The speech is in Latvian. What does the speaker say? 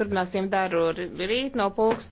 Turpināsim darbu rīt no pulkst.